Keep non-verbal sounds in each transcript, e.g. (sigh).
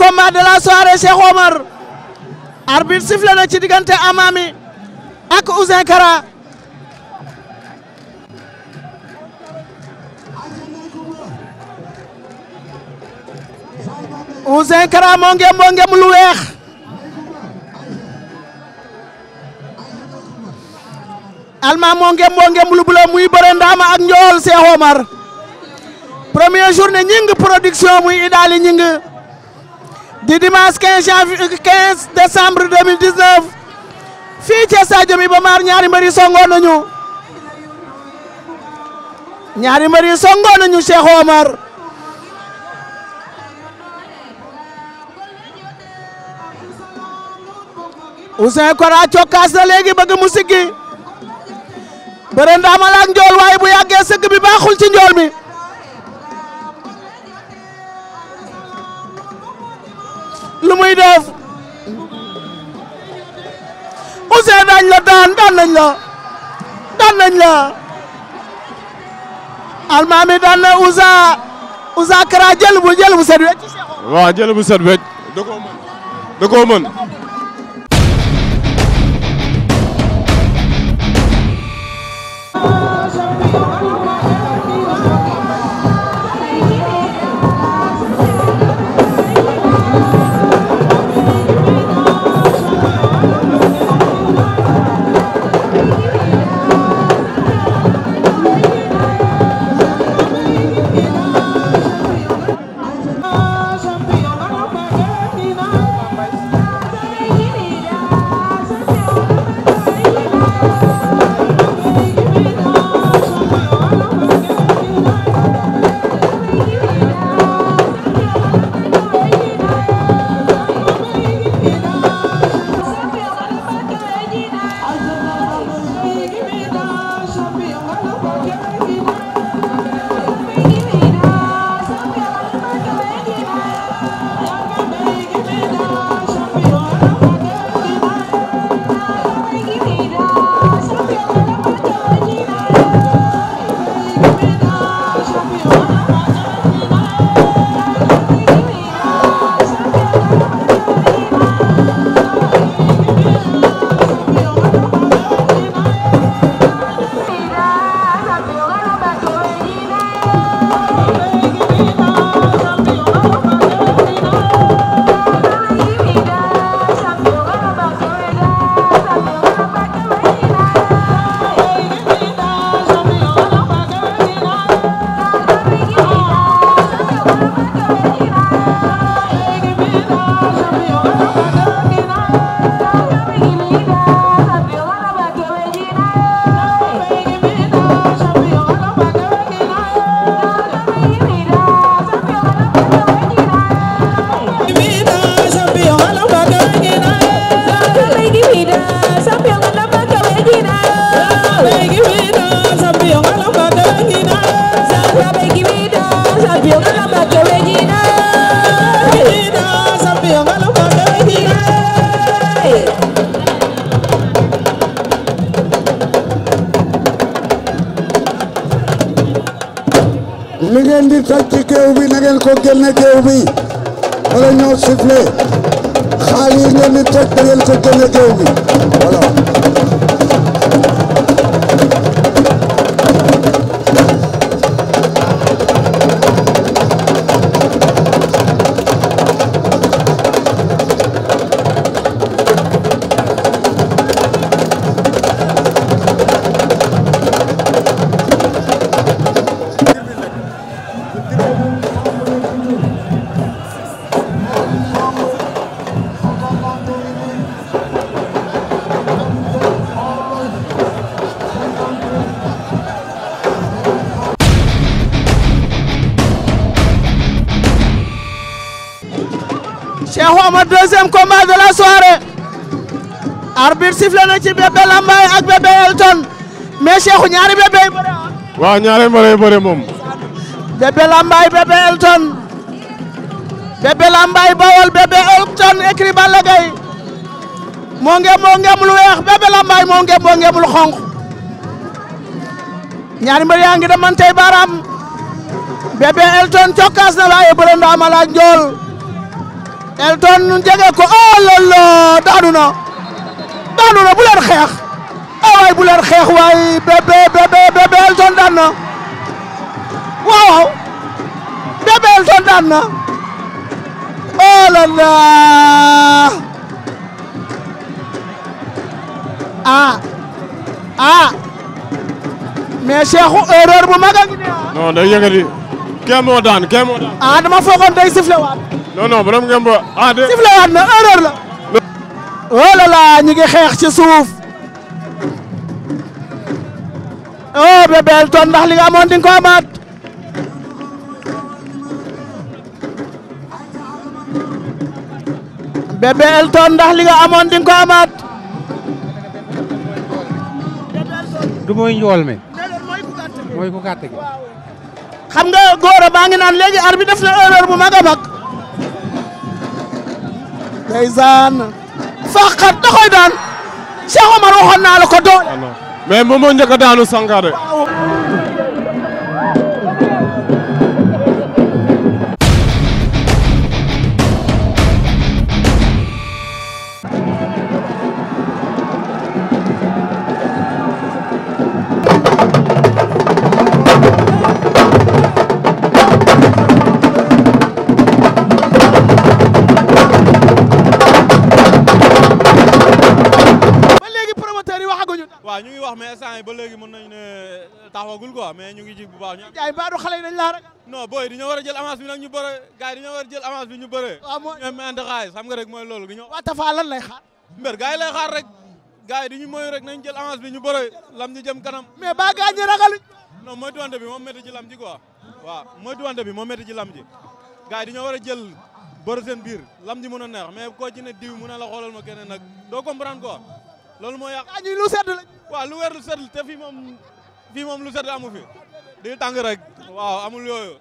combat de la soirée c'est Omar arbitre sifflé na ci Amami ak Ouzin Kara Ouzin gars, mon gars, mon alma Monge ngem mon ngem lu blou, muy ak Cheikh Omar Première journée ñing production muy Idali ñing di dimanche 15 janvier 15 décembre 2019 fi ci stadium ba Mar ñaari mbër songo nañu ñaari mbër songo nañu Cheikh Omar Ousseyn Kora cokkaas na léegi bëgg mu siggi bëre ndaamalaak njool way bu yagge sëgg bi baxul ci njool mi lu muy def Ouzin dañ la daan daan nañ la daan nañ la almaami daan na Ouzin Kara jël bu jël bu set wecc waaw jël bu set wecc da koo mën da combat de la soirée arbitre sifflé na ci bébé lambay ak bébé Elton mais Cheikhou ñaari bébé ah. wa ñaari mbare mbare mom bébé lambay bébé Elton bébé lambay bawol bébé Elton écrit Balla gay mo nge mo nge mul wex bébé lambay mo nge mo nge mul xonq ñaari yaangi yaa man tay baram bébé Elton ciokas na waaye bëre ma la njool Elton jege ko oh lolo daanu na daanu xeex ah waay bu xeex waay bébé bébé bébé Elton daan na waaw bébé Elton daan na oh lolo ah ah bu mag ngi ne ah. non day kee moo daan kee moo daan. ah dama foogoon day sifflé waat. non non borom boo ah de waat na erreur la. oh là là ñu ngi xeex ci suuf. oh Bébé Elton ndax li nga amoon di nga amaat. Bébé Elton ndax li nga amoon di nga ko amaat. du mooy njool mi. mooy ku gàtt gi. xam nga góor a ngi naan léegi arbitre bi def na erreur bu mag mag. ndeysaan faqat da koy daan Cheikh Omar waxoon naa la ko doole ah mais moom moo njëkk a daanu Sankharé instant yi ba léegi mën nañ ne ko euh, quoi mais ñu ngi ji bu baax ñu jaay mbaa du xale yi dañ laa ragal non booy di ñoo war a jël avance bi ñu bëre gars yi di ñoo war a jël avance rek mooy loolu gi ñoo waa Tafa lan lay xaar mbër gars yi rek gars di ñu mooy rek nañ jël avance bi ñu bëre lam ñu jëm kanam mais ba gars ñi ragaluñ non mooy tuwante bi moom métti ci lam ji quoi waaw mooy tuwante bi moom métti ci lam ji gars yi di ñoo war a jël bëre seen biir lam ji mën a neex mais koo ci diw mën a la xoolal ma keneen nag doo comprendre quoi loolu mooy yàq ah, ñuy lu sedd la waaw lu weer lu sedd te fii moom fii moom lu sedd amu fi di tàng rek waaw amul yooyu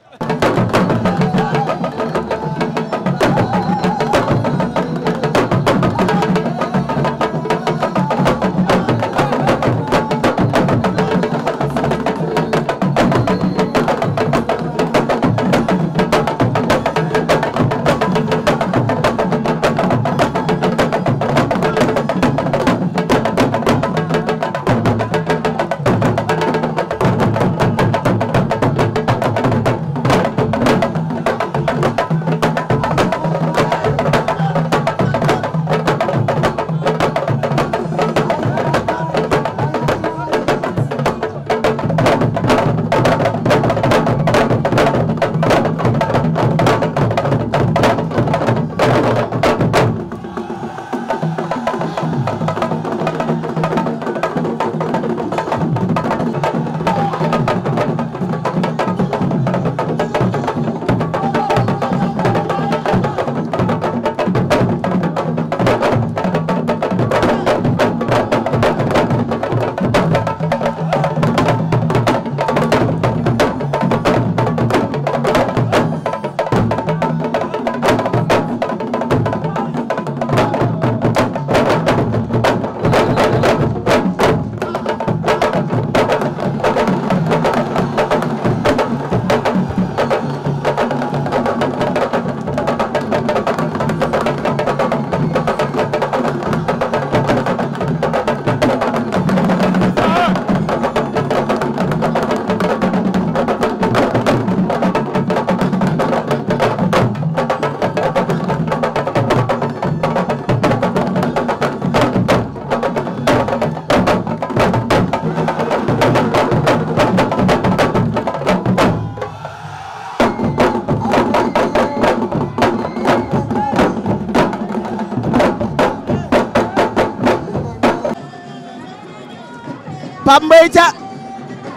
Pape Mbaye ca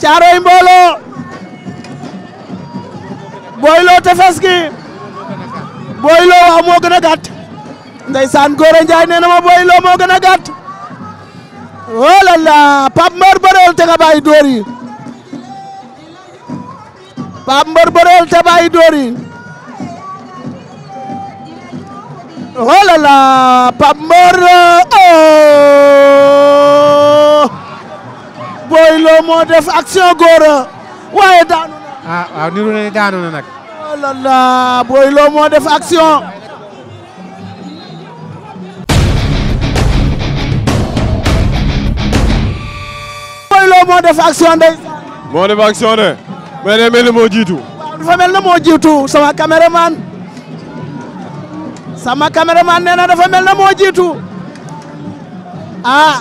Caaroy Mbooloo Boy Lo tefes gi Boy Lo waaw moo gën a gàtt ndeysaan Góor Njaay nee na ma Boy Lo moo gën a gàtt oh là là Pape Mbër te nga bàyyi dóor yi Pape Mbër bëreel te bàyyi dóor yi oh là là Pape moo def action góora waaye daanu na. ah waaw niru na daanu na nag. oh là là booy loo moo def action. booy loo moo def action de. moo def action de. mais day mel ni moo jiitu. waaw dafa mel ne moo jiitu sama caméraman sama caméraman nee na dafa mel ne moo jiitu ah.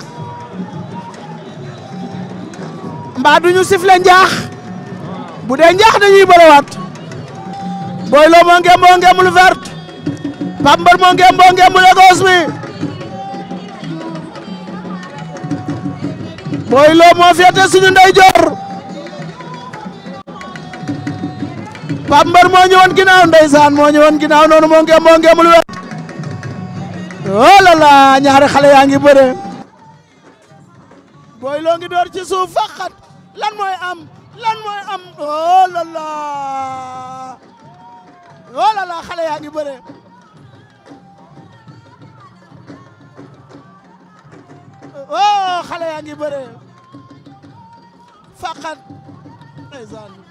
mbaa duñu sifle njaax bu dee njaax dañuy wat boy lo mo ngem boo ngem lu vert pambar mo ngem boo ngem lu gos bi boy lo mo fété suñu ndey jor pambar mo ñëwoon ginaaw ndeysaan mo ñëwoon ginaaw nonu mo ngem boo ngem lu vert oh la la ñaari xalé yaangi ngi bëre booy loo ngi door ci suuf faqat lan mooy am lan mooy am oh la la oh la yaa ngi bëre oh xale yaa ngi bëre faqat ndeysaan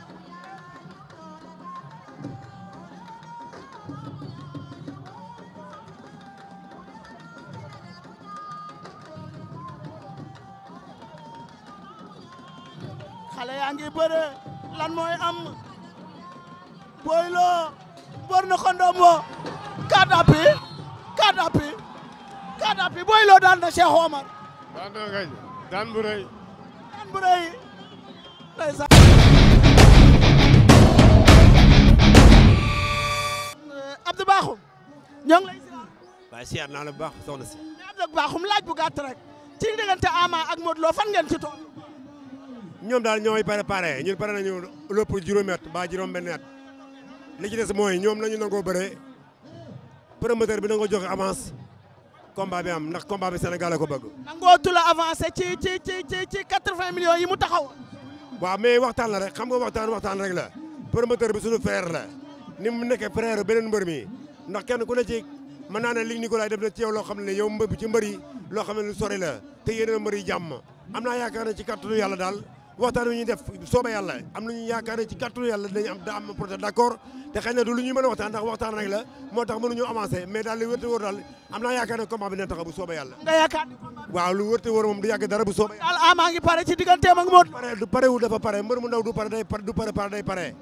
xale yaa ngi bëre lan mooy am Boy Lo bor na ko ndombo kadapi kadapi kadapi Boy Lo daan na Cheikh Omar daan na gañ daan bu daan bu rëy ndeysaan Abdou Bakhoum ñoo ngi lay ziar waaye siyaar naa la baax soxna si Abdou Bakhoum laaj bu gàtt rek ci diggante Ama ak Modou Lo fan ngeen ci tool ñoom daal ñoo ñooy préparé ñun pare nañu lépp juróomi at ba juróom-benn at li ci des mooy ñoom nañu nangoo bëre promoteur bi nangoo joxe avance combat bi am ndax combat bi Sénégal ko bëgg. nangoo tula avancé ci ci ci ci ci quatre yi mu taxaw. waaw mais waxtaan la rek xam nga waxtaan waxtaan rek la promoteur bi sunu frère la ni mu nekkee frère beneen mbër mi ndax kenn ku ne ci mën naa ne li Nicolas def na ci yow loo xam ne yow mbër bi ci mbër yi loo xam ne lu la te yeneen mbër jàmm am naa yaakaar ne ci kàttanu yàlla daal. waxtaan wi ñuy def soobee yàlla am nañu yaakaar ne ci gàttanu yàlla dañu am am projet d' accord te xëy na du lu ñuy a waxtaan ndax waxtaan rek la moo tax mënuñu avancé mais daal li wërte wóor daal am naa yaakaar ne combat bi dina taxaw bu soobee yàlla nga yaakaar waaw lu wërte wóor moom du yàgg dara bu soobee yàlla daal amaa ngi pare ci digganteem ak Modou pare du pare wu dafa pare mbër mu ndaw du pare day pare du pare pare day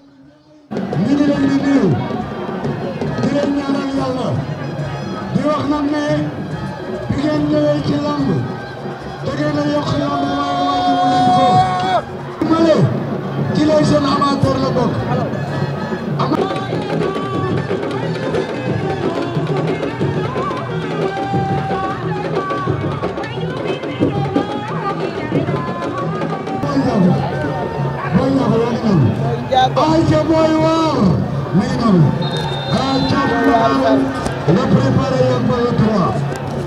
di di di wax nag ne bi ngeen ñëwee ci lamb da ngeen a jëmale ci les jeunes amateurs la bokk. ay ca booy waar mi ngi noonu ay ca booy waar le préparé yan ba le trois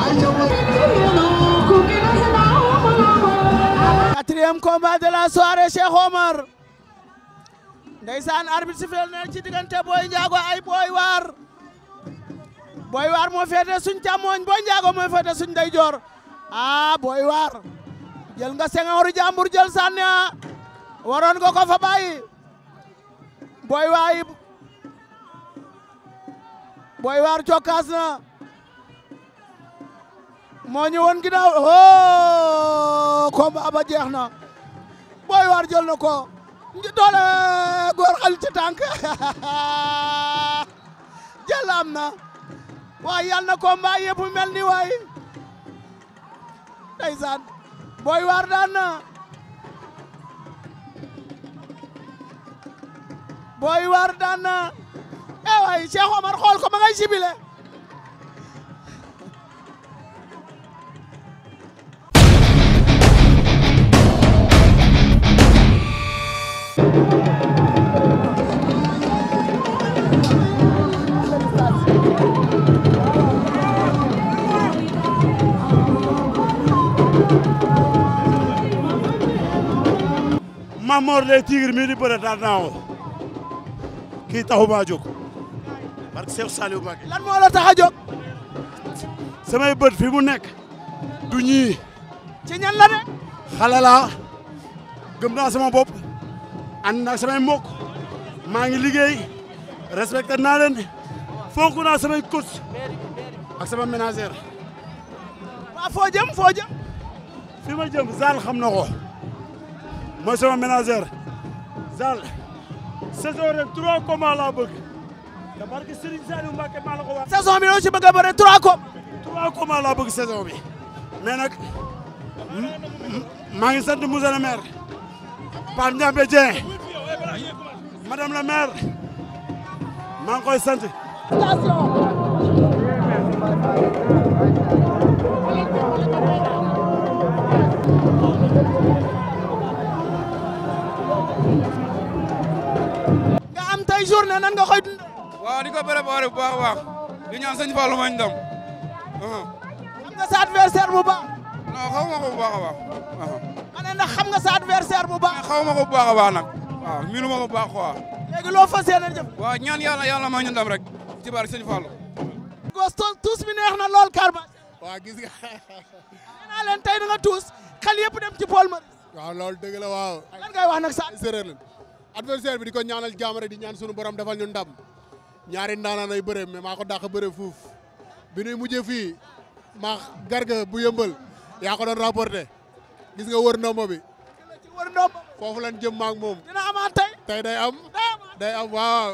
ay ca booy deuxième combat de la soirée Cheikh Omar Ndaysan arbitre sifel na ci diganté Boy Ndiago ay Boy war Boy war mo fété suñ chamoñ Boy Ndiago mo fété suñ Jor ah Boy war jël nga sengoru jambour jël sànni ah. waron nga ko fa bayyi Boy way Boy war cokkaas na moo ñëwoon ginnaaw oh combat ba jeex na booy waar na ko doole góor xal ci tànk (laughs) jël am na waaye yal na combat yëpp mel ni waay ndeysaan booy waar daan na booy waar daan na eh xool ko ma ngay sibile Mamor lay Tigre mii di bëre daan naa ko kii taxu maa jóg barke Cheikh Saliou Mbacké lan moo tax a jóg samay bët fi mu nekk du ñii ci ñan la de xale gëm naa sama bopp ànd naa samay mbokk maa ngi liggéey respecté naa leen fonk naa samay coach ak sama ménagère waaw foo jëm foo jëm fi ma jëm Zal xam na ko mooy sama ménagère zal saison ren trois combats laa bëgg te barke Serigne Saliou Mbacké maa la ko wax saison bi loolu ci bëgg a bëre trois combats trois combats laa bëgg saison bi mais nag maa ngi sant monsieur le maire Pape Ndiambé Dieng madame la maire maa ngi koy sant journée nan nga koy dundee. waaw di ko préparé bu baax a baax di ñaan sëñ Fallou mañ ndam. xam nga sa adversaire bu ma ko bu baax a nga sa ma ko bu baax a nag. waaw ma ko bu baax quoi. léegi loo fas yéene jëm. waaw ñaan yàlla yàlla ma ñu ndam rek ci barke sëñ Fallou. gos tuus bi neex na lool kàr ba. waaw gis (laughs) adversaire bi di ko ñaanal jàmm di ñaan sunu borom defal ñu ndam ñaari ndaanaan ay bëre mais maa ko dàq bëre fuuf bi nuy mujjee fii maa garga bu yëmbal yaa doon rapporté gis nga wër ndombo bi wër ndombo foofu lan jëm maak moom tey day am day am waaw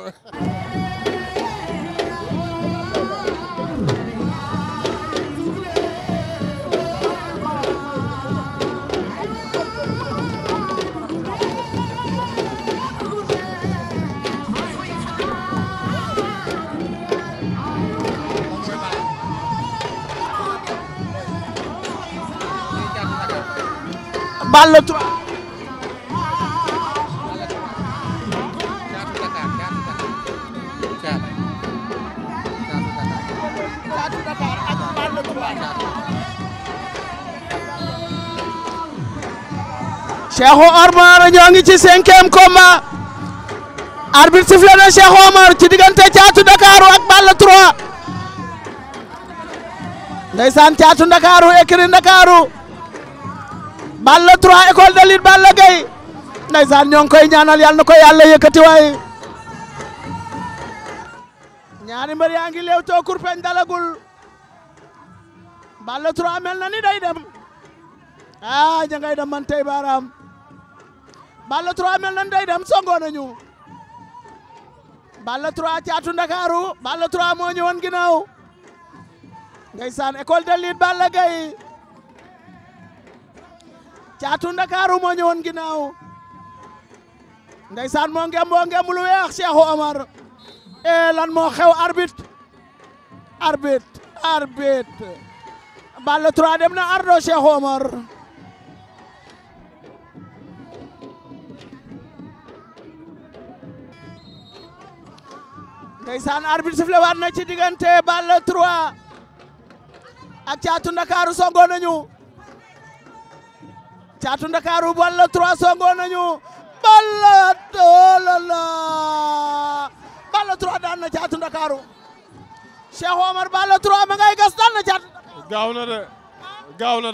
Balla 3 Cheikh Omar ñoo ngi ci cinquième combat arbitre sifflé na Cheikh Omar ci diggante Thiatou Dakar ak Balla 3 ndeysaan Thiatou Dakar écurie Dakar Balla 3 école de lutte Balla Gaye ndeysaan ñoo ngi koy ñaanal yàlla na ko yàlla yëkkati waaye ñaari yaa ngi leew too kurpeñ dalagul Balla 3 mel na ni day dem ah ña ngay dem man tey baaraam Balla 3 mel na ni day dem songoo nañu Balla 3 caatu Ndakaaru Balla 3 moo ñëwoon ginnaaw ndeysaan école de lutte Balla Gaye caatu ndakaaru moo ñëwoon ginnaaw ndeysaan moo ngem moo ngem lu weex Cheikhou Omar e lan moo xew arbitre arbitre arbitre balle 3 dem na ardo Cheikhou Omar ndeysaan arbitre sifle waat na ci diggante balle 3 ak caatu ndakaaru songo caatu ndakaaru Balla trois songo nañu Balla tolala Balla trois daan na caatu ndakaaru Cheikh Omar Balla trois ma ngay gas daan na caatu gaaw na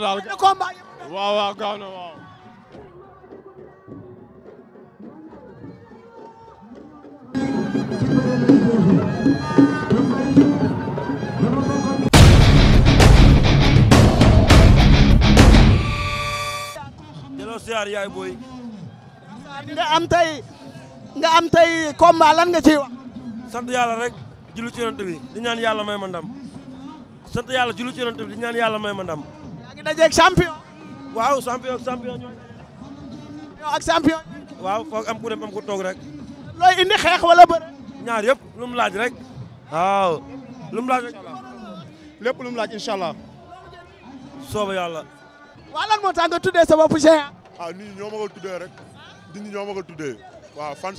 de Saya ya yaay booy. nga am tey nga am tey combat lan nga ciy wax. sant yàlla rek julli ci yonent bi di ñaan yàlla may ma sant ci yonent bi di ñaan may champion. waaw champion champion ñooñu. champion ak champion. waaw foog am ku dem am ku rek. looy indi xeex wala bëre. ñaar yëpp laaj rek. waaw lu laaj rek. lépp laaj allah. sooba yàlla. waa lan moo sa ah nit ñi ñoo ma ko tuddee rek nit ñoo ma ko tuddee waaw fan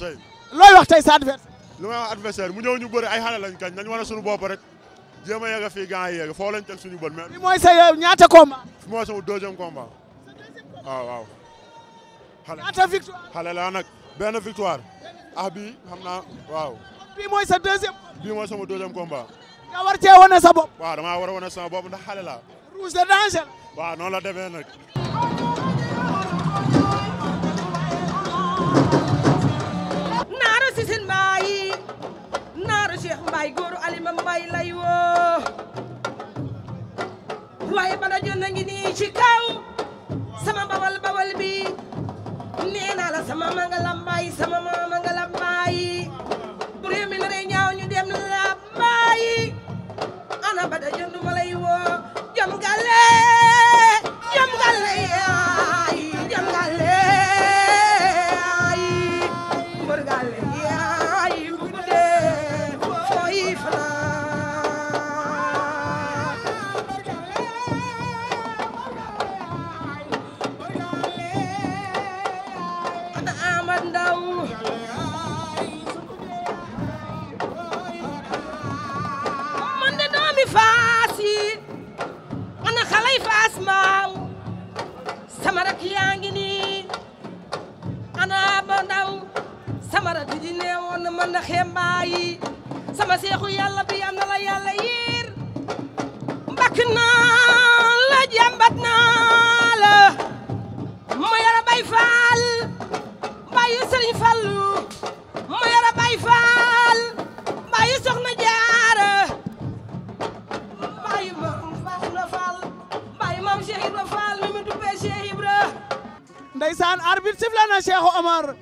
looy wax tey sa adversaire li may wax mu ñëw ñu bëri ay xale lañ kañ nañ war a bopp rek jéem a fii gants yi yegg foo lañ teg suñu bët mais. bi mooy sa ñaata combat fi mooy benn victoire ah bii xam naa mooy sa deuxième bii mooy sama deuxième war cee wane sa bopp waaw damaa la demee nag ah, sisin mbaay naaru Cheikh mbaay góoru alima mbaay lay woo waaye bala jonna ngi nii ci kaw sama bawal bawal bi nee la sama manga la sama mama nga la mbaay bu réew mi naree ñaaw ñu dem la mbaay ana bada jondu ma lay woo jom gale na Cheikh Omar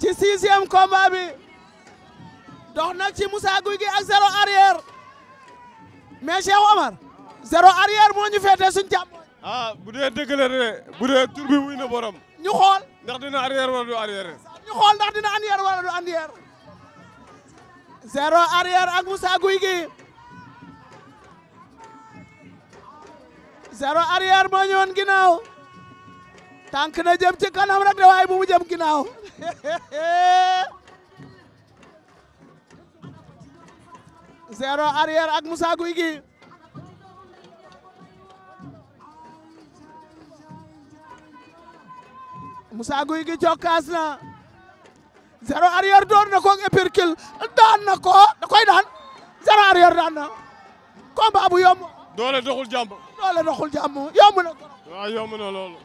ci sixième combat bi dox na ci Moussa Guy gi ak zéro arrière mais Cheikh Omar zéro arrière moo ñu féete suñu jàpp. ah bu dee dëgg la de bu dee tur bi wuy na borom. ñu xool ndax dina arrière wala du arrière. ñu xool ndax dina arrière wala du arrière. zéro arrière ak Moussa Guy gi zéro arrière moo ñëwoon ginnaaw. tànk na jëm ci kanam rek de waaye bu mu jëm ginnaaw (laughs) zéro arrière ak Moussa Guy gi Moussa Guy gi jokkaas na zéro arrière door na ko épirkil daan na ko da koy daan zéro arrière daan na combat bu yomb doole doxul jàmm doole doxul jàmm yomb na ko na loolu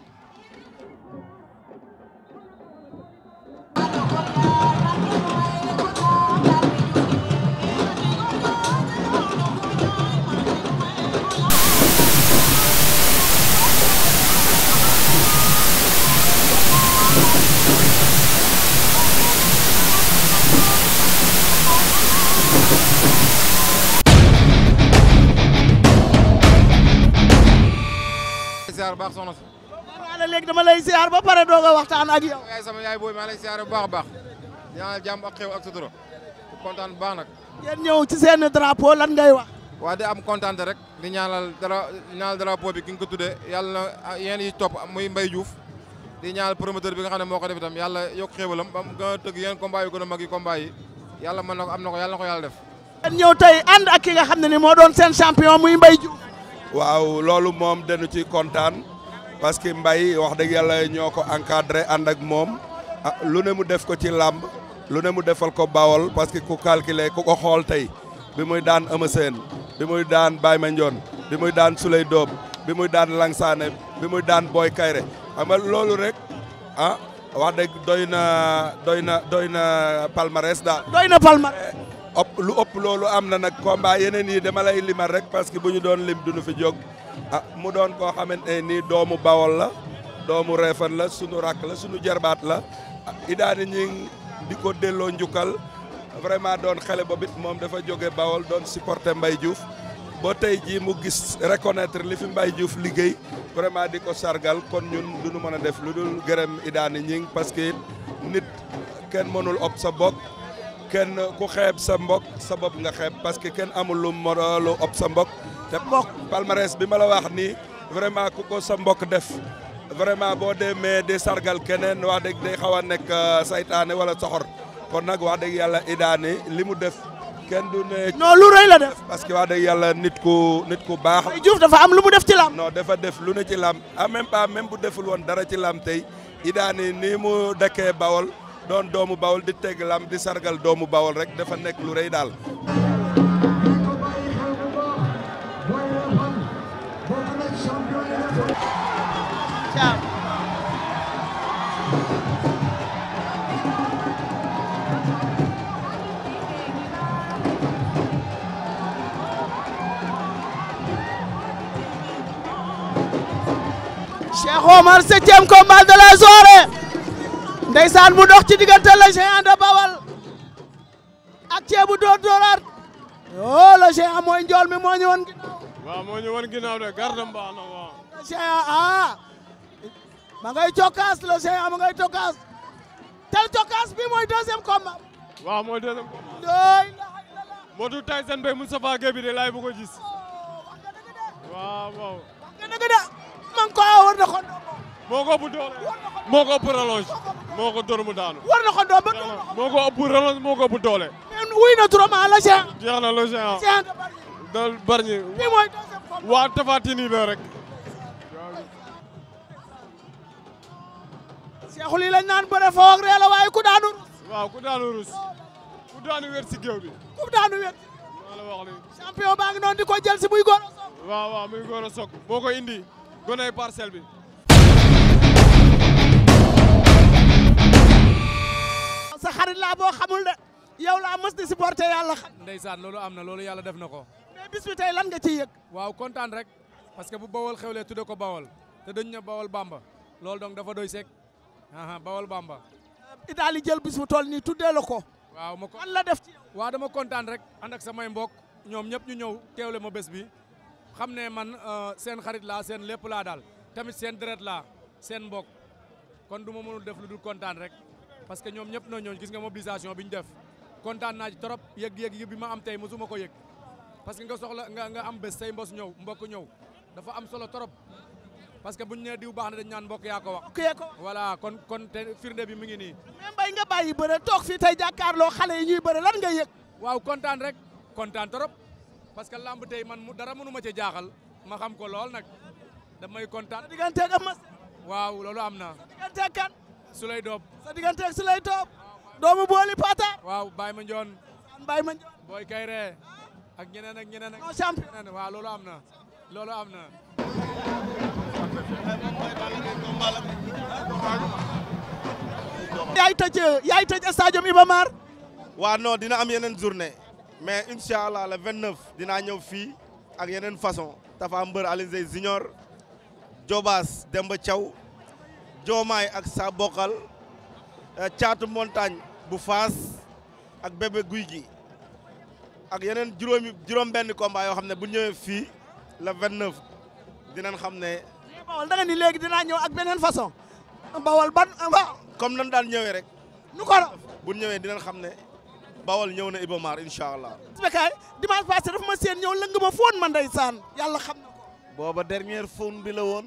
ziar ba pare doog a waxtaan ak yow. yaay sama yaay booy maa bu baax a baax ñaanal jàmm ak xew ak sutura kontaan bu baax nag. ngeen ñëw ci seen drapeau lan ngay wa waa di am kontaan rek di ñaanal dara ñaanal drapeau bi ki nga ko tuddee yàlla na yéen yi topp muy Mbaye Diouf di ñaanal promoteur bi nga xam ne moo ko def itam yalla yokk xéewalam ba mu a tëgg yeneen combat yu gën a mag yi combat yi yàlla mën na ko am ko yàlla na ko yàlla def. ngeen ñëw tey ànd ak nga xam ne ni moo doon seen champion muy Mbaye Diouf. waaw loolu moom dañu ci kontaan parce que mbay wax dëgg yàlla ñoo ko encadré ànd ak moom a ah, lu ne mu def ko ci làmb lu ne mu defal ko bawol parce que ku calculer ku ko xool tey bi muy daan Eumeu Sène bi muy daan Baye Mandione bi muy daan Souley Doob bi muy daan Langsane bi muy daan booy Kayre xam loolu rek ah wax dëgg doy na doy na doy na palmarès daal. doy na palmarès. op lu op lolu amna nak combat yenen yi dama lay limal rek parce que buñu ñu doon lim duñu fi jog ah mu doon ko xamante nii doomu Bawol la doomu Réfane la sunu rak la sunu jarbat la ah, idaa di ñi di ko delloo njukkal vraiment doon xalé bobit mom dafa joge Bawol doon supporter mbay Diouf ba tay ji mu gis reconnaître li fi mbay Diouf liggey vraiment diko sargal kon ñun duñu mëna def lu dul gërëm idaa di ñi parce que nit ken mënul op sa bok kenn ku xeeb sa mbokk sa bopp nga xeeb parce que kenn amul lu lu ëpp sa mbokk te mbokk palmarès bi ma la wax ni vraiment ku ko sa mbokk def vraiment boo demee di sargal keneen wax dëgg day xaw a nekk euh, saytaane wala soxor kon nag wax dëgg yàlla idaani li mu def kenn du ne. non lu rëy la def parce que wax dëgg yàlla nit ku nit ku baax. Diouf dafa am lu mu def ci lam non dafa def lu ne ci lam ah, en même pas même bu deful woon dara ci lam tey idaani ni mu dëkkee Bawol. doon doomu bawol di teg lam di sargal doomu bawol rek dafa nekk lu rëy daal. Cheikh Omar septième combat de ndeysaan mu dox ci diggante le géant de Bawal ak ceebu door dooraat oh le géant mooy njool mi moo ñu won ginnaaw waaw de garde mbaax na waaw le géant ah cokkaas le géant ma cokkaas tel cokkaas bi mooy deuxième combat waaw mooy deuxième combat doy moo du tay seen bay Moustapha de laay bu ko gis oh, waaw waaw moo ko bu doole moo ko ëpp relance moo ko dóor mu daanu. war na doon moo ko ëpp relance moo ko ëpp doole. wuy na trop ah la géant. la géant. géant de Bargny. fii waa Tafatini la rek. Seexu lii naan bëre foo ak ree ku daanu rus. ku daanu rus si géew bi. ku daanu wér. maa baa ngi noonu di ko jël waaw waaw muy góor a soog. boo ko indi gonay parcelle bi. sa xarit laa boo xamul de yow laa mës di supporter yàlla xam. ndeysaan loolu am na loolu yàlla def na ko. mais bis tey lan nga ciy yëg. waaw kontaan rek parce que bu xew lee tudde ko bawol te dañ ne bawol bamba loolu donc dafa doy sek bawol bamba. Euh, Idaali jël bis bu toll nii tuddee la ko. waaw ma ko la def ci yow. dama kontaan rek ànd ak samay mbook ñoom ñëpp ñu ñëw teewle ma bés bi xam ne man euh, seen xarit laa seen lépp laa daal tamit seen deret laa seen mbook kon du ma mënul def lu dul kontaan rek. parce que ñom ñep no ñooñu gis nga mobilisation biñ def contane na ci torop yegg yegg yu bima ma am tey mosuma ko yegg parce que nga soxla nga nga am bes say mbos ñew mbok ñew dafa am solo torop parce que buñ ne diw baax na dañ ñaan mbok ya ko wax. voilà kon kon firnde bi mi ngi ni même bay nga beure tok fi tay jakar lo xalé yi ñuy beure lan nga yegg waaw contane rek contane torop parce que lamb tay man dara mënu ma ci jaaxal ma xam ko lol nak damay contane digante ak Eumeu waaw loolu amna digante kan. Souley Top. sa diggante ak waaw Baye Mandione. an Baye Mandione. Boy Kayre ak ñeneen ak ñeneen ak. non champion waaw loolu am na loolu am na. yaay tëj yaay Iba Mar. waaw non dina am yeneen journée mais incha allah le 29 dinaa ñëw fii ak yeneen façon Tafa Mbeur Alioune Seye Junior Jobaas Demba Thiaw. Diomaye ak sa bokkal eh, montagne bu faas ak bébé guy gi ak yeneen juróomi juróom-benn combat yoo xam ne bu ñëwee la le 29 dinañ xam ne. Eh, bawal da nga ni ñëw ak beneen façon. Eh, bawal ban ba. comme nan daan ñëwee rek. nu ko bu ñëwee dinañ xam ne bawal ñëw na Ibomar incha allah. béykat yi dimanche passé ma seen ñëw lëng ma man ma ndeysaan yàlla xam na ko. booba dernière fóon bi woon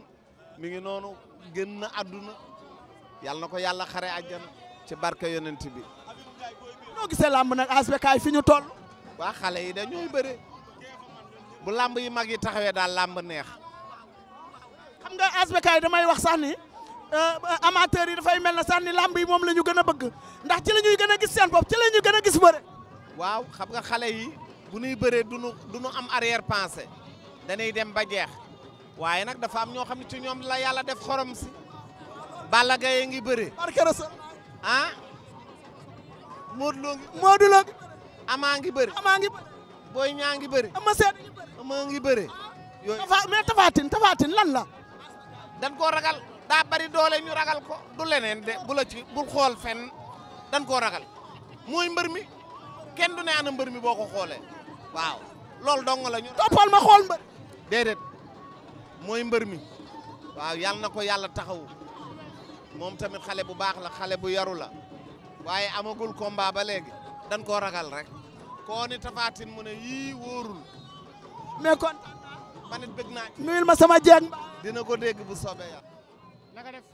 mi ngi noonu. génn na àdduna yàlla na ko yàlla xare àjjana ci barke yonent bi noo gisee làmb nag asbekaay fi ñu toll waa xale yi dañooy bëre bu làmb yi mag yi taxawee daal làmb neex xam nga asbekaay damay wax sax ni euh, euh, amateur yi dafay mel na sax làmb yi moom la ñu gën a bëgg ndax ci la ñuy gis seen bopp ci la ñuy gën a gis bëre waaw xam nga xale yi bu ñuy bëree duñu duñu am arrière pensée danay dem ba jeex waaye nag dafa am ñoo xam ne ci ñoom la yàlla def xorom si Balla Gaye ngi bëre ah Modou Lo ngi Modou Lo ngi Ama ngi bëre Ama ngi bëre Boy ngi bëre Ama Sène ngi bëre Ama ngi bëre tafaatin tafaatin lan la dan koo ragal daa bari doole ñu ragal ko du leneen de bu la ci bul xool fen dan koo ragal mooy mbër mi kenn du ne ana mbër mi boo ko xoolee waaw loolu dong la ñu toppal ma xool mbër mooy mbër mi waaw yàlla na ko yàlla taxawu moom tamit xale bu baax la xale bu yaru la waaye amagul combat ba léegi dañ koo ragal rek koo ni Tapha mu ne yii wóorul mais ko man it bëgg naa nuyul ma sama jeeg dina ko dégg bu soobee yàlla def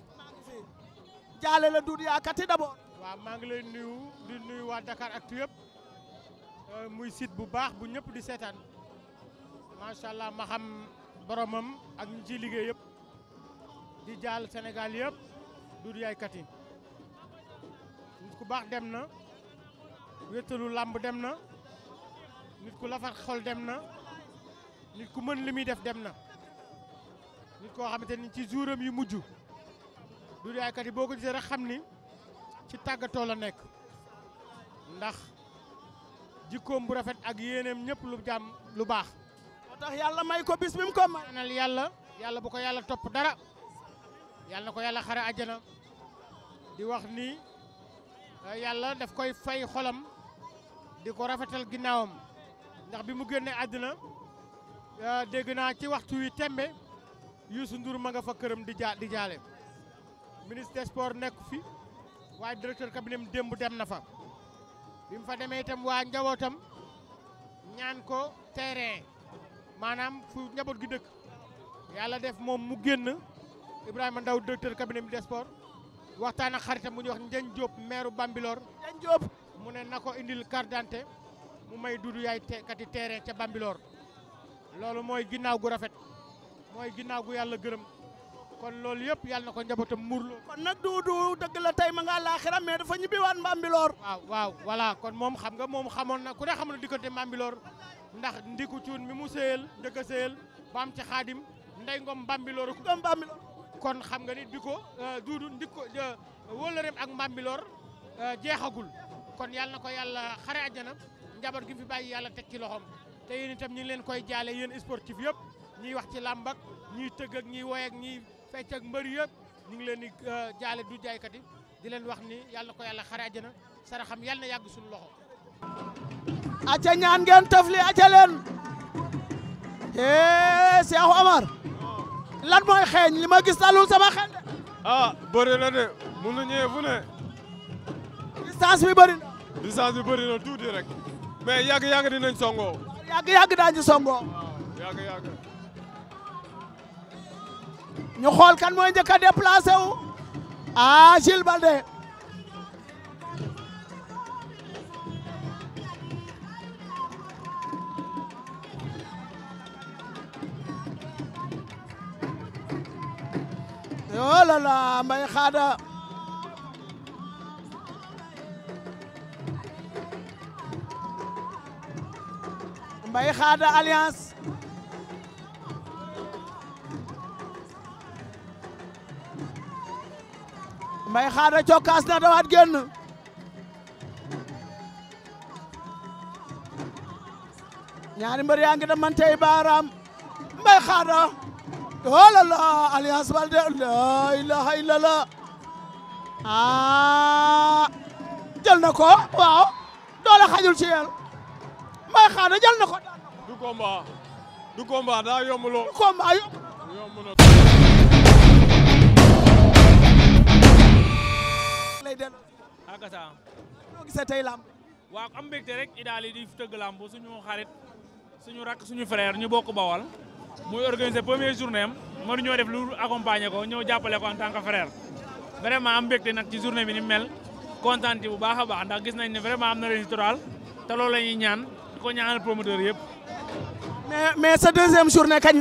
jaale la duud yaa kati d'abord waaw maa ngi lay nuyu di nuyu waa Dakar Actu yëpp euh, muy site bu baax bu ñëpp di seetaan macha ma xam boromam ak ñi ciy liggéey yëpp di jaal Sénégal yëpp du yaaykat yi nit ku baax dem na wéttalu làmb dem na nit ku lafar xol dem na nit ku mën li muy def dem na nit koo xamante ni ci juróom yu mujj du yaaykat yi boo ko gisee rek xam ni ci tàggatoo la nekk ndax jikkoom bu rafet ak yéeneem ñëpp lu jàmm lu baax tax yàlla may ko bis bi mu ko may. nal yàlla yàlla bu ko yàlla topp dara yàlla na ko yàlla xare àjjana di wax nii eh, yàlla daf koy fay xolam di ko rafetal ginnaawam ndax bi mu génnee àddina eh, dégg naa ci waxtu wi tembe Youssou Ndour ma nga fa këram di ja di jaale ministre des nekk fi waaye directeur cabinet démb dem na fa bi mu fa demee itam waa njabootam ñaan ko terrain maanaam fu njaboot gi dëkk yàlla def moom mu génn Ibrahima Ndaw directeur cabinet des sports waxtaan ak xaritam bu ñuy wax Ndiagne Diop maire Bambilor mu ne na ko indil carte mu may dudu yaay kati tere ca bambiloor loolu mooy ginaaw gu rafet mooy ginnaaw gu yàlla gërëm kon loolu yep yalla nako njabota murlo kon nak du du deug la tay ma nga àllaaxira mais dafa mambi lor waaw waaw wala kon mom xam nga mom xamoon na ku ne xamoon na mambi lor ndax ndiku cuun mi mu séyal njëkk ci khadim nday ngom ku ngom lor kon xam nga ni diko du du ndiko euh, ko euh, ak mambi lor euh, jeexagul kon yalla nako ko xare aljana njabar gi fi bayyi yalla tek ci loxom te yeen itam ñu ngi leen koy jale yeen sportif yep ñi wax ci lambak ñi teug ak ñi woy ak ñi fecc ak mbër yëpp ñu ngi leen di euh, jaale du jaaykat yi di leen wax ni yàlla ko yàlla xare àjjana saraxam yàlla na yàgg suñu loxo aca ñaan ngeen tafli aca leen hee eh, Seexu Amar lan mooy xeeñ li ma gis dalul sama xel a ah bëri na de mun na ñëwee fu ne distance bi bëri na distance bi bëri na tuuti rek mais yàgg-yàgg dinañ songoo yàgg-yàgg daañu songoo ah, yàgg ñu xool kan mooy njëkk a déplacé wu ah Gilles Balde oh là là Mbaye Khada Mbaye Khada alliance Mbaye Khada cokkaas na dawaat génn ñaari mbër yaa ngi da man tey baaraam Mbaye Khada oh la la Alliance Baldé la ah, jël na ko waaw doole xajul ci yel Mbaye Khada jël na ko du combat du daa yomb loo du combat yomb lay delloo. ak saa. noo gisee di tëgg làmb suñu xarit suñu rakk suñu frère ñu bawal muy organiser premier journée am mënu ñoo def lu accompagner ko ñëw jàppale ko en tant que frère vraiment am mel kontaan ci bu baax a baax ndax gis nañ ne vraiment am na résultat te loolu la ñuy mais sa deuxième journée kañ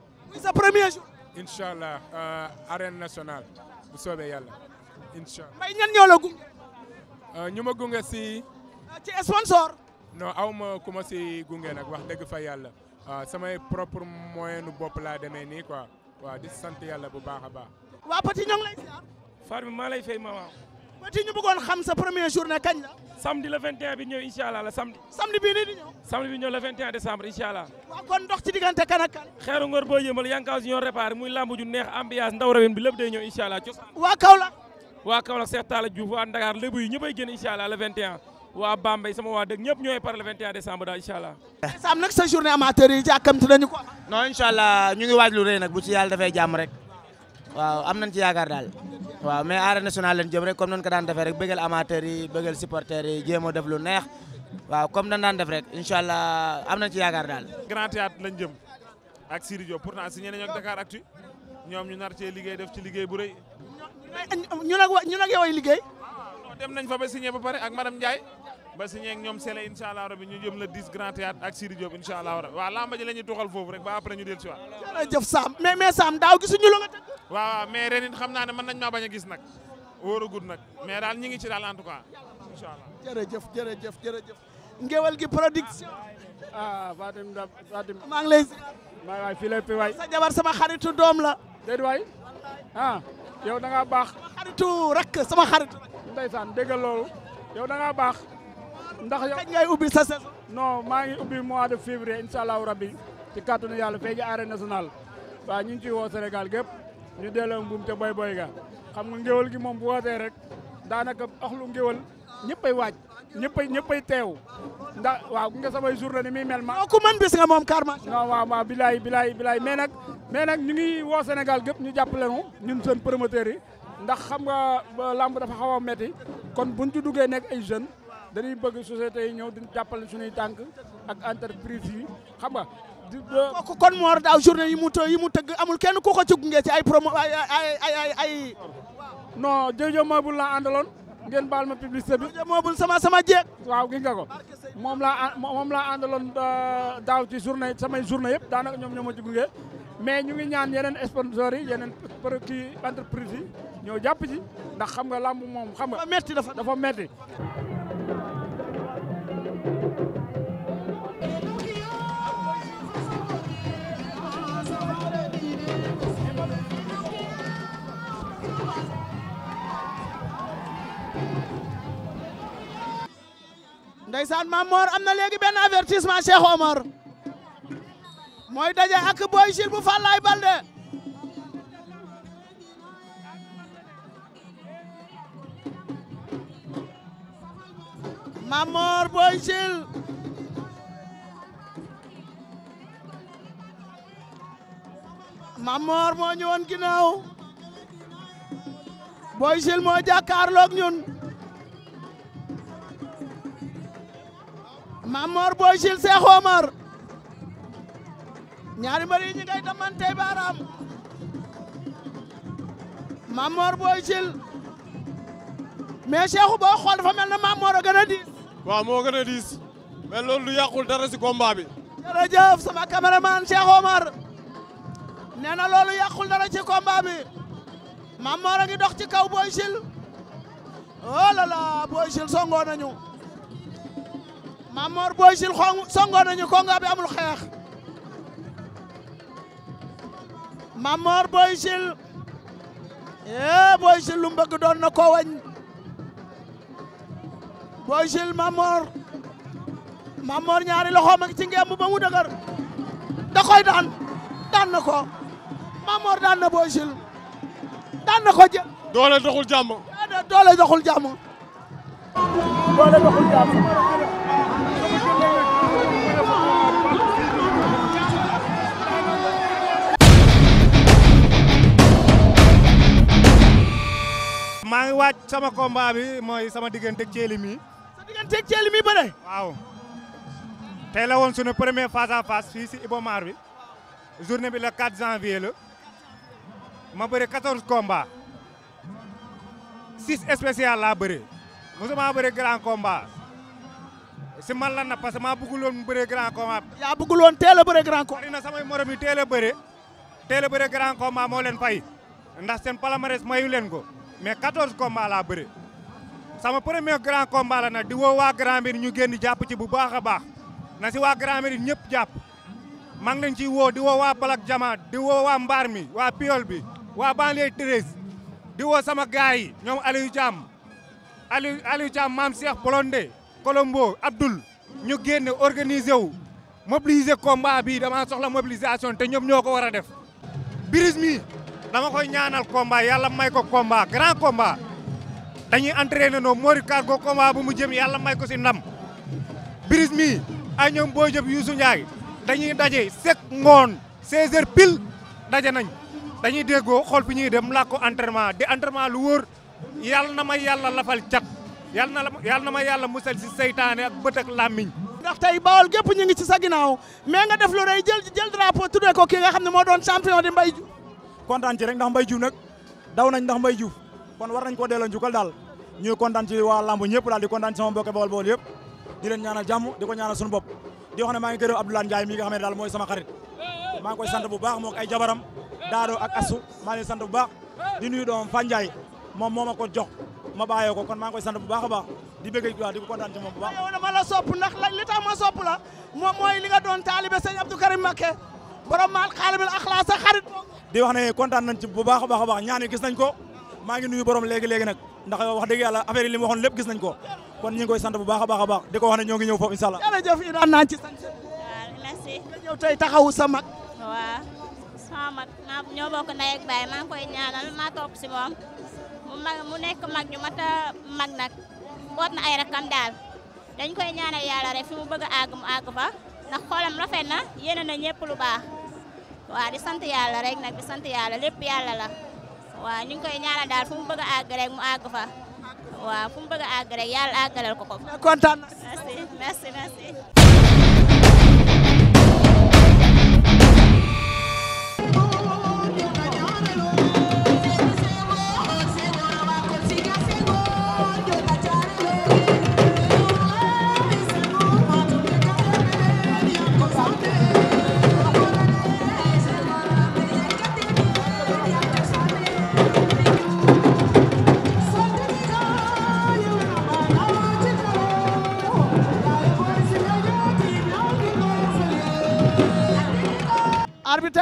muy sa incha allah euh, arène nationale bu soobee yàlla incha allah. may ñan ñoo la gunge. Euh, ñu ma gunge si. Euh, ci sponsor. aw ma ku si gunge nag wax dëgg fa yàlla samay propre moyen nu bopp laa demee nii quoi waaw di sant yàlla bu baax a baax. ba ti sa premier journée kañ la. samedi le 21 bi ñëw incha allah la samedi. samedi bii nii di ñëw. samedi bi ñëw le 21 décembre incha allah. waaw kon ndox ci diggante kan ak kan. xeeru ngor boo yëmal yankaas ñoo réparé muy lamb ju neex ambiance ndaw waa Kaolack. waa Kaolack Cheikh waa Ndakaar lébu yi ñëppay génn incha allah le 21. waa Bambey sama waa dëkk ñëpp ñooy par le 21 décembre daal incha allah. nag sa journée amateur yi jàkkamti ko. non incha allah waaj lu rëy bu ci yàlla dafay jàmm rek waaw am nañ ci yaakaar daal waaw mais arr nationale leen jëm rek comme noonu ko daan defee rek bëggal amateur yi bëggal supporter def lu neex waaw comme nan daan def rek incha allah am nañ ci yaakaar daal. Grand Théâtre lañ jëm ak Siri Diop pourtant signé nañu ak Dakar Actu ñoom ñu nar cee liggéey def ci liggéey bu rëy. ñu nag ñu nag yow ay liggéey. Ah, non dem nañ fa ba signé ba pare ak madame Ndiaye ba signé ak ñoom Sele incha allah ñu jëm le 10 Grand Théâtre ak Siri Diop incha allah la ñuy foofu rek ba après ñu dellusiwaat. waaw waaw mais ren it xam naa ne mën nañ maa bañ a gis nag wóoragul nag mais daal ñi ngi ci daal en tout cas incha allah. jërëjëf jërëjëf jërëjëf. Ngéwal gi production. ah Fatim da Fatim. maa ngi lay waay waay waay. sa jabar sama xaritu doom la. déedéet waay ah yow da ngaa baax. sama xaritu sama xaritu. ndeysaan dégg loolu. yow da ngaa baax. ndax yow kañ ngay ubbi sa saison. non maa ngi ubbi mois de février incha allahu rabi ci kàttanu yàlla fee ci arène nationale. waaw ñu ngi ciy woo Sénégal gépp ñu delloo mbuum te boy boy ga xam nga ngéwal gi moom bu wootee rek daanaka axlu ngéwal ñëppay waaj ñëppay ñëppay teew ndax waaw nga samay journée ni muy mel ma ku mën bis nga moom carrément non waaw waaw bilaay bilaay bilaay mais nag mais nag ñu ngi woo Sénégal gépp ñu jàppale ñu ñun seen promoteurs yi ndax xam nga lamb dafa xaw a metti kon bu buñ ci duggee nekk ay jeunes dañuy bëgg sociétés yi ñëw di jàppale suñuy tànk ak entreprise yi xam nga kooku kon Mor daaw journée yi mu të yi mu tëgg amul kenn ku ko ci gunge ci ay promo ay ay ay ay. non jëjëf Mabul laa àndaloon ngeen baal ma publicité bi. jëjëf Mabul sama sama jeeg. waaw gis nga ko moom la moom laa àndaloon euh, daaw ci journée samay journée yëpp daanaka ñoom ñoo ma ci gunge mais ñu ngi ñaan yeneen sponsors yi yeneen për kii entreprise yi ñoo jàpp ci ndax xam nga làmb moom xam nga. dafa metti dafa dafa metti. ndeysaan Mame Mor am na léegi benn avertissement Cheikh Omar mooy daje ak Boy Jules bu Falaye Baldé Mame Mor Boy Jules Mame Mor moo ñëwoon ginnaaw Boy Jules moo jàkkaarloog ñun Mame Mor Boy Jules Cheikh Omar ñaari mbër yi ñu ngay damante baaraam Mame Mor Boy Jules mais Cheikh boo xool dafa mel ne Mame Mor gën a diis waaw moo gën a diis mais loolu du yàqul dara si combat bi jërëjëf sama caméraman Cheikh Omar nee na loolu yàqul dara ci combat bi Mame Mor a ngi dox ci kaw Boy Jules oh là là Boy Jules songoon nañu Mamor Boy Sil songoon nañu combat bi amul xeex Mamor Boy Sil ee eh, Boy Sil lu doon na ko wañ Boy Sil Mamor ñaari loxoom ak ci ngemb ba mu dëgër da daan daan na ko Mamor daan na Boy Sil daan na ko jë doole doxul jàmm doole doxul jàmm laaj sama combat bi mooy sama digganteeg Thiély mi. sa digganteeg Thiély mi bëre. waaw tey la woon suñu premier face à face fii si Ibomar bi journée bi la 4 janvier la ma bëri 14 combats 6 spécial laa bëri mosuma bëri grand si man na parce que maa bëggul woon mu bëri grand combat. yaa bëggul woon teel a bëri grand combat. bari na samay morom yi teel a bëri teel a bëri grand leen ko. mais 14 combats laa bëre sama premier grand combat na nag di woo waa Grand Médine ñu génn jàpp ci bu baax a baax na si waa Grand Médine ñëpp jàpp maa ngi leen ciy woo di woo waa Balak Jama di woo waa Mbaar mi waa Piol bi waa Banlieue Thérèse di woo sama gars yi ñoom Aliou Thiam Aliou Aliou Thiam Mame Cheikh Blondé Colombo Abdoul ñu génn organiser wu mobiliser combat bi dama soxla mobilisation te ñoom ñoo ko war a def Brise mi dama koy ñaanal combat yàlla may ko combat grand combat dañuy entraîné noo Mori Cargo combat ba mu jëm yàlla may ko si ndam Brise mi ay ñoom boo jëm Youssou dañuy daje sek ngoon 16 heures pile daje nañ dañuy déggoo xool fi ñuy dem làkk ko entraînement di entraînement lu wóor yàlla na ma yàlla lafal cat yàlla na la yàlla na ma yàlla musal si seytaane ak bët ak làmmiñ ndax tey bawol gépp ñu ngi ci sa ginnaaw mais nga def lu rëy jël jël drapeau tuddee ko kii nga xam ne moo doon champion di kontan ci rek ndax Mbaye nak daw nañ ndax Mbaye Diouf kon war nañ ko delo njukal dal ñuy kontan ci wa lamb ñepp dal di kontan sama mbokk bawol bawol yépp di leen ñaanal jamm di ko ñaanal suñu bop di wax ne maa ngi gëreu Abdoulaye ndjay mi nga xamé dal moy sama xarit ma ngi koy sant bu baax mok ay jabaram daado ak asu ma leen sant bu baax di nuyu doom Fa ndjay mom moma ko jox ma baye ko kon ma ngi koy sant bu baax baax di bëgg di ko kontan ci mom bu baax ma la sopp ndax li tax ma sopp la mom moy li nga doon talibé seigne Abdou Karim Mbacké borom mal xaalimil axlaas xarit di wax ne kontaan nañ bu baax a baax a baax gis nañ ko maa ngi nuyu borom léegi-léegi nag ndax wax dëgg yàlla affaire yi li mu waxoon lépp gis nañ ko kon ñu ngi koy sant bu baax a baax a ko wax ne ñoo ngi ñëw foofu incha allah. jërëjëf yi daan naa ci sant. waaw merci. nga ñëw sa mag. waaw sama mag koy ñaanal maa topp si moom mu nekk mag ñu mat a mag nag boot na ay rakam daal dañ koy ñaanal yàlla rek fi mu bëgg a àgg mu xoolam rafet na yéene na ñëpp lu baax waaw di sant yàlla rek nag di sant yàlla lépp yàlla la waaw ñu ngi koy ñaanal daal fu mu bëgg a àgg rek mu àgg fa waaw fu mu bëgg a àgg rek yàlla àggalal ko ko. merci merci merci.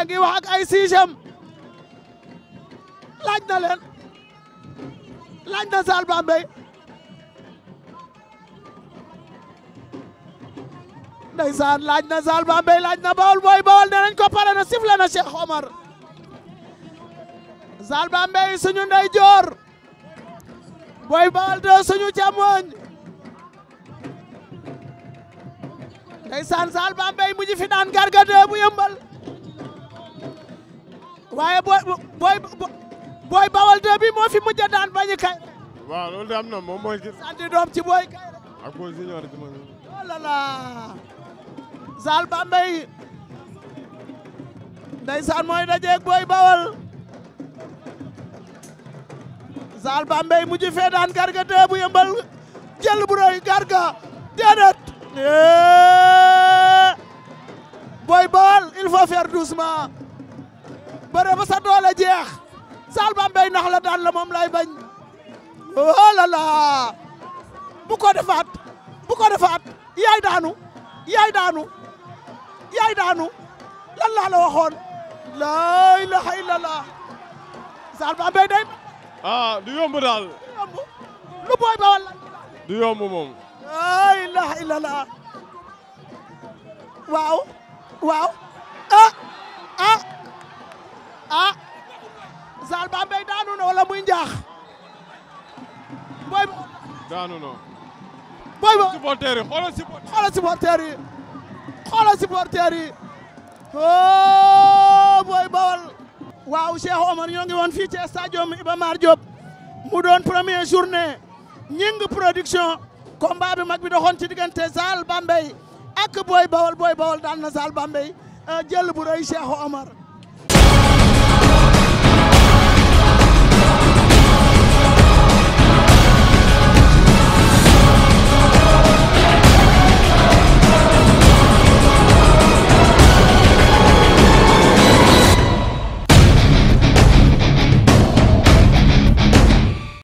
ngi wax ay sixième laaj na leen laaj na Saal Bambey ndeysaan laaj na laaj na Bawol Boy Bawol nee ko pare na sifle na Cheikh Omar Saal Bambey suñu ndey joor Boy Bawol de suñu càmmoñ ndeysaan Saal Bambey mu ngi fi daan garga de bu yëmbal waaye booy booy booy bawal deux bi moo fi mujj daan bañu kay. waaw loolu de am na moom mooy. sant doom ci booy kay. ak booy junior di ma. oh là là Zal Bambey ndeysaan mooy dajeeg booy bawal. Zal Bambey mujj fee daan garga deux bu yëmbal jël bu rëy garga déedéet. Eh. booy bawal il faut faire doucement. bëre ba sa doole jeex Saal Bambey nax la daan la moom lay bañ oh la la bu ko defaat bu ko daanu yaay daanu yaay daanu lan la waxoon laa ilaha illallah Saal Bambey day ah du yomb daal lu booy ba walla du yomb moom laa ilaha illallah waaw waaw ah ah ah Zal Bambey daanu na wala muy njaax booy daanu na booy ba supporter yi xoolal supporter xoolal supporter yi xoolal supporter yi oh booy bawal fii ci stade Iba Mar Diop mu doon première journée ñing production combat bi mag bi doxoon ci diggante Zal Bambey ak booy bawal booy bawal daan na Zal Bambey euh, jël bu rëy Cheikh